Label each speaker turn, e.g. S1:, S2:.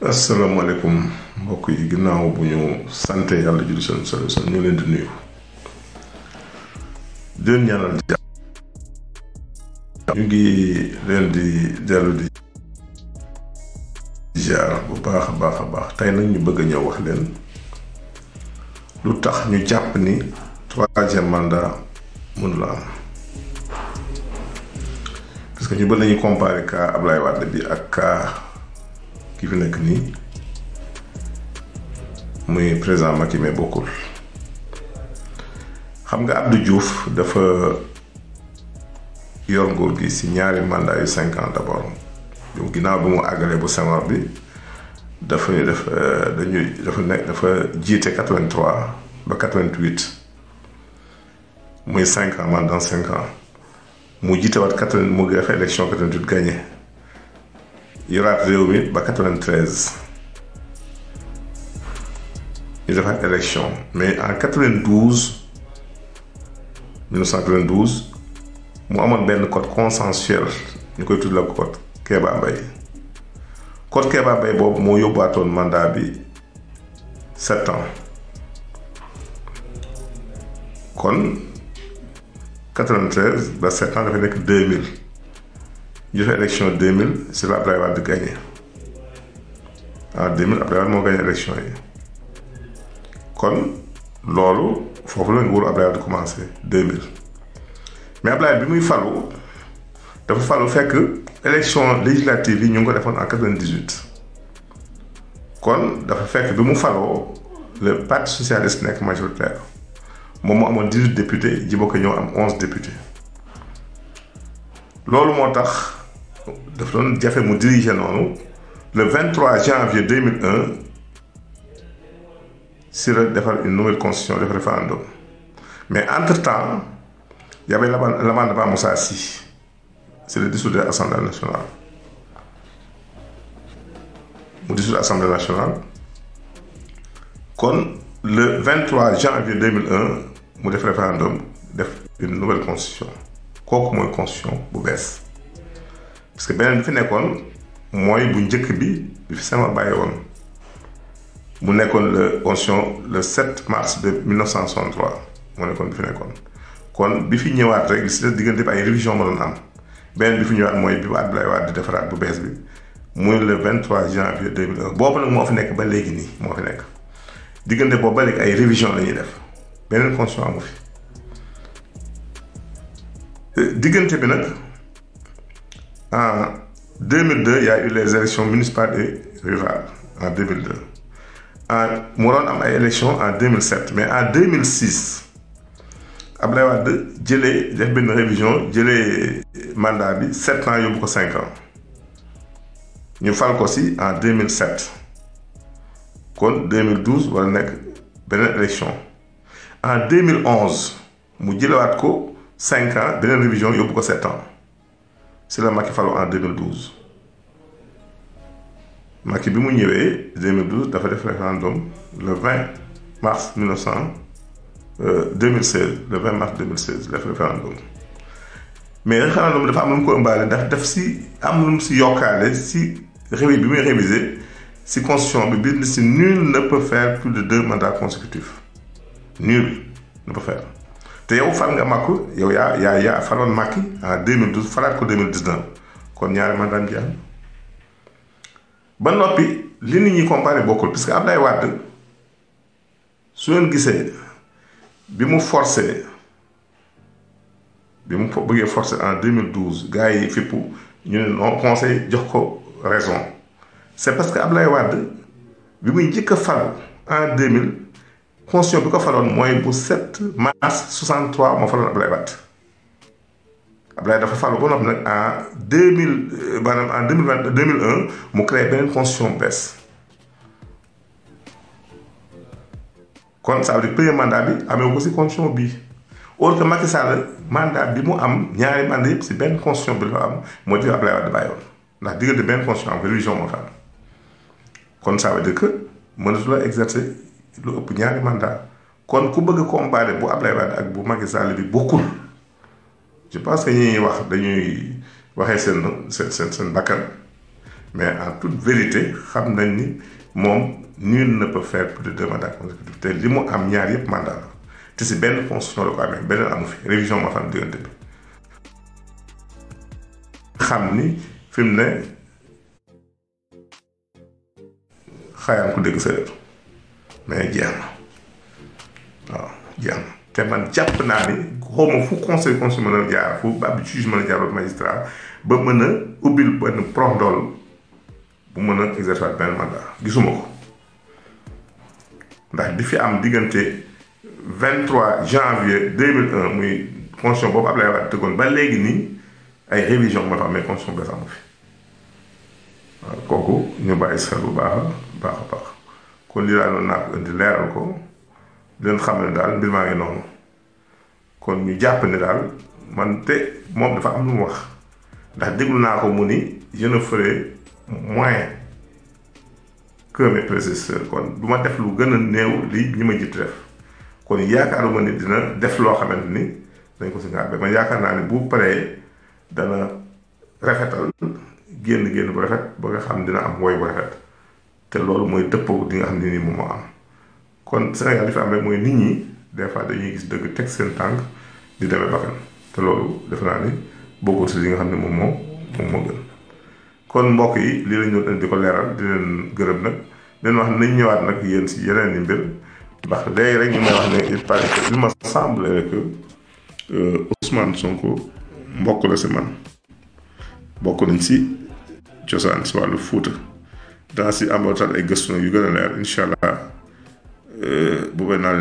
S1: Assalamualaikum, mbokk yi ginnaaw bu ñu sante yàlla julli seen seen seen ñu leen di nuyu di leen ñaanal jàmm ñu ngi leen di dellu di jaar bu baax a baax a baax tey nag ñu bëgg a ñëw wax leen lu tax ñu jàpp ni troisième mandat mënula am parce que ñu bëgg nañu comparer cas Ablaye Wade bi ak cas qui suis présent. ni muy président makime mais xam nga Abdou Diouf dafa yor gi mandat yu 5 ans d'abord donc ginaaw bu mu agalé bu Senghor bi dafa def euh, dañuy dafa nek dafa jité 83 ans mandat a ans mu 80 mu élection 88 gagné. Il réew en ba Il a fait élection mais en 92 1992 mu Ben code consensuel nous avons le la code Kéba Le code Kéba Mbaye Bob eu un mandat bi 7 ans kon 93 ba sept ans 2000. Les l'élection en 2000 c'est la que j'ai gagné en 2000 j'ai gagner gagné l'élection. yi kon loolu que la nguuru Abdoulaye 2000 mais après il faut faire dafa législative yi ñu ngi en 1998. en 98 kon dafa que bi mu le parti socialiste nekk majoritaire Moi J'ai 18 députés j'ai am 11 députés loolu mon le 23 janvier 2001 c'est une nouvelle constitution de référendum mais entre temps il y avait l'amendement Moussa Assis, c'est le de l'Assemblée nationale de l'Assemblée nationale le 23 janvier 2001 mu un référendum une nouvelle constitution Quoi que mon constitution mauvaise parce que Ben bi fi nekkoon mooy bu njëkk bi bi fi sama bàyyi woon mu nekkoon le constitution le 7 mars de 1963 moo nekkoon bi fi nekkoon kon bi fi ñëwaat rek li si des diggante ay révision ma doon am beneen bi fi ñëwaat mooy bi Abdoulaye Wade di defaraat bu bees bi muy le 23 janvier 2001 boobu nag moo fi nekk ba léegi nii moo fi nekk diggante boobu ba léegi ay révision la ñuy def beneen constitution amu fi euh, diggante bi nag. En 2002, il y a eu les élections municipales et rurales. En 2002. En, Mouron a eu l'élection, en 2007. Mais en 2006, il y a eu une révision le mandat sept ans a eu 5 ans Nous en 2007 en 2012 y a eu une élection en 2011 y a eu 5 ans une révision a eu 7 ans c'est la Macky Fallu en 2012 Macky Bimou mu 2012 dafa référendum le 20 mars 1900 euh, 2016 le 20 mars 2016 le référendum mais référendum dafa am lu ko ëmbaale si am lu si yokkaale si si constitution si nul ne peut faire plus de deux mandats consécutifs nul ne peut faire te yow nga yow ya en 2012 en ko 2019 kon ñaari a un ba nopi li nit ñi parce que ablay Wade su bi mu forcé bi mu forcé en 2012 gaay fippu ñu conseil raison c'est parce que ablay Wade bi muy en 2000. constitution bi ko faloon mooy bu 7 mars 63 moo faloon Ablaye Wade Ablaye dafa falu ba noppi nag en 2000 euh, maanaam en 2020 2001 mu créé beneen constitution bees kon ça veut dire mandat bi amee ko si constitution bii or que Macky Sall mandat bi mu am ñaari mandat yëpp si benn constitution bi la am moo di Ablaye Wade bàyyoon ndax diggante benn constitution am révision moo fa am kon ça veut dire que mënatu la exercer. lu ëpp ñaari mandat kon ku bëgg a bu Abdoulaye Wade ak bu Macky Sall bi bokul je pense que ñuy wax dañuy waxee sen sen sen, seen bakkan mais en toute vérité xam nañ ni moom nul ne peut faire plus de deux mandats consécutifs te li mu am ñaar yëpp mandat la te si benn constitution la ko amee beneen amu fi révision moo fa am diggante bi xam ni fi mu ne xayaan ku dégg sa mais jeex na waaw te man jàpp naa ni xaw ma fu conseil constitutionnel mën a jaar fu ab juge jaar ba magistrat ba meuna a ubbil benn bu meuna exercer benn mandat gisuma ko ndax di fi am diggante 23 janvier 2001 muy constitution boobu Ablaye Wade tëggoon ba légui ni ay révision moo tax mais constitution bees amu fi waaw kooku ñu bay xel bu baax a baax baax. kon li daal naa ko indi leeral ko di leen xam ne daal mbir maa ngi noonu kon ñu jàpp ni daal man te moom dafa am lu mu wax ndax déglu naa ko mu ni je ne ferai moins que mes kon du ma def lu gën a néew li ñi ma jiitu def kon yaakaaruma ni dina def loo xamante ni dañ ko si ngàbbe man yaakaar naa ni bu paree dana rafetal génn génn bu rafet ba nga xam dina am woy bu rafet te loolu mooy dëppoo di nga xam ne ni moom am kon Sénégal li fi am rek mooy nit ñi des fois dañuy gis dëgg teg seen tànk di demee bakkan te loolu defe naa ni bokkul si li nga xam ne moom moo moom moo gën kon mbokk yi li lañ doon indi di ko leeral di leen gërëm nag leen wax nañ ñëwaat nag yéen si yeneen i mbir ndax léegi rek ñu may wax ne il paraît que il me semble que Ousmane Sonko mbokk la si man bokk nañ si cosaan si wàllu Fuuta danaa si amootaat ay gëstu yu gën a leer incha allah eh, bu bay naa